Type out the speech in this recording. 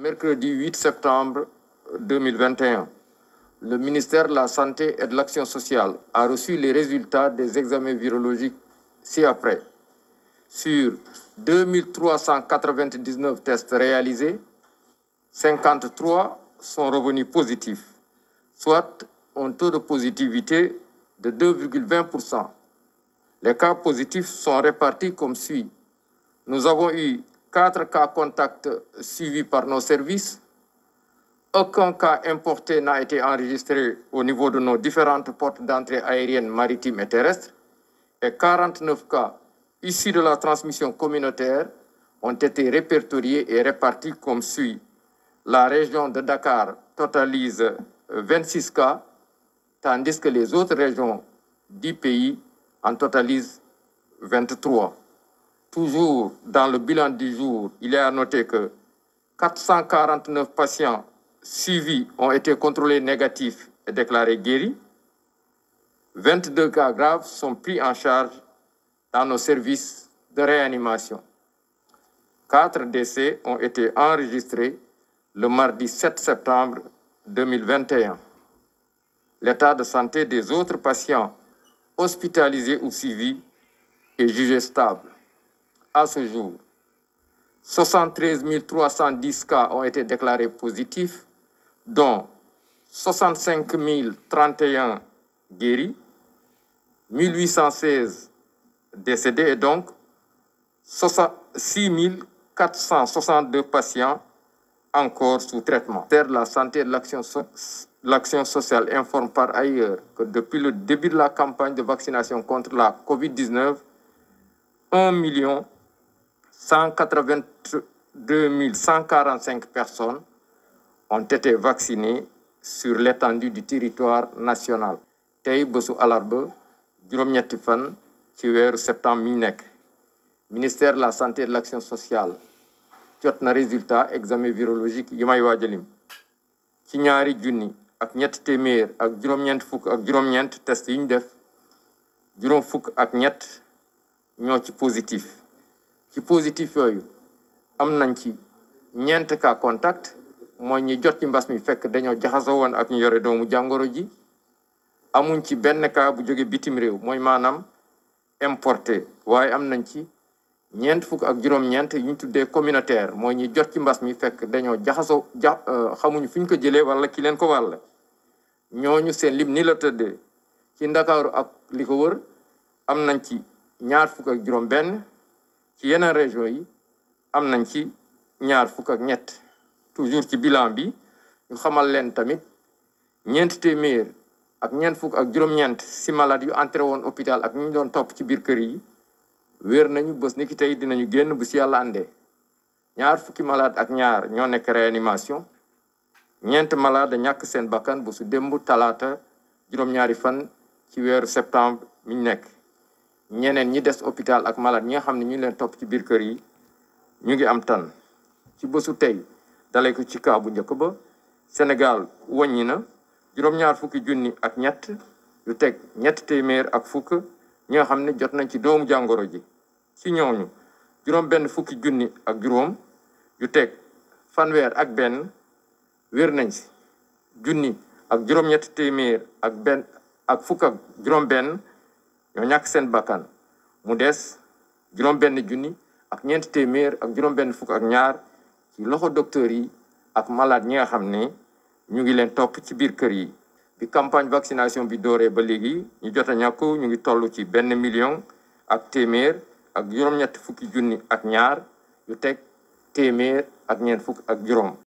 Mercredi 8 septembre 2021, le ministère de la Santé et de l'Action sociale a les résultats des examens virologiques ci-après. Sur 2399 tests réalisés, 53 sont revenus positifs, soit un taux de positivité de 2,20%. Les cas positifs sont répartis comme suit. quatre cas contacts suivis par nos services. Aucun cas n'a été enregistré au niveau de nos différentes portes d'entrée aériennes, maritimes et terrestres. Et 49 cas issus de la transmission communautaire ont été répertoriés et répartis comme suit. La région de Dakar totalise 26 cas, tandis que les autres régions du pays en totalisent 23. Toujours dans le bilan du jour, il est à noter que 449 patients suivis ont été contrôlés négatifs et déclarés guéris. 22 cas graves sont pris en charge dans nos services de réanimation. Quatre décès ont été enregistrés le mardi 7 septembre 2021. L'état de santé des autres patients hospitalisés ou suivis est jugé à ce jour, 73 310 cas ont été déclarés positifs, dont 65 031 guéris, 1816 décédés et donc 6 462 patients encore sous traitement. Le la Santé et de l'Action so sociale informe par ailleurs que depuis le début la campagne de contre la COVID-19, 1 million cent quatre-vingt-deux mille cent quarante-cinq personnes on été vaccinées sur l'étendue du territoire national tey bésu alarba juróom-ñetti fan ci weeru septembre mi nekk ministère de la santé et de l'action sociale jot na résultat examen virologique yi may waajalim ci ñaari junni ak ñett téeméer ak juróom-ñeent fukk ak juróom-ñeent test yi def juróom fukk ak ñett ñoo ci positif ci positif yooyu am nañ ci ñeent ka contact mooy ñi jot ci mbas mi fekk dañoo jaxasoo woon ak ñu yore doomu jàngoro ji amuñ ci benn ka bu jóge bitim réew mooy maanaam importé waaye am nañ ci ñeent fukk ak juróom-ñeent ñu tuddee communautaire mooy ñi jot ci mbas mi fekk dañoo jaxasoo ja euh, xamuñu fu ko jëlee wala ki leen ko walla ñooñu seen lim ni la tëddee ci ndakaaru ak li am nañ ci ñaar fukk ak juróom-benn. ci yeneen région yi am nañ ci ñaar fukk ak ñett toujours ci bilan bi ñu xamal leen tamit ñeent téeméer ak ñeent fukk ak juróom-ñeent si malade yu entré woon hôpital ak ñu doon topp ci biir kër yi wéer nañu bés ni ki tey dinañu génn bu si yàlla ñaar fukki malade ak ñaar ñoo nekk réanimation ñeent malade ñàkk seen bakkan bu su démb talaata juróom-ñaari fan ci weeru septembre mi ñu nekk ñeneen ñi des hôpital ak malade ñi nga xam ne ñu leen topp ci biir kër yi ñu ngi am tan ci bësu tey dalee ci kaa bu njëkk ba Sénégal wàññi na juróom-ñaar fukki junni ak ñett yu teg ñett téeméer ak fukk ñi xam ne jot nañ ci doomu jàngoro ji ci ñooñu juróom benn fukki junni ak juróom yu teg fanweer ak benn wér nañ si junni ak juróom-ñett téeméer ak benn ak fukk juróom benn ñoo ñàkk seen bakkan mu des juróom benn junni ak ñeenti téeméer ak juróom benn fukk ak ñaar ci loxo docteur yi ak malade ñi nga xam ni ñu ngi leen topp ci biir kër yi. bi campagne vaccination bi dooree ba léegi ñu jot a ñàkk ñu ngi toll ci benn million ak téeméer ak juróom-ñetti fukki junni ak ñaar yu teg téeméer ak ñeent fukk ak juróom.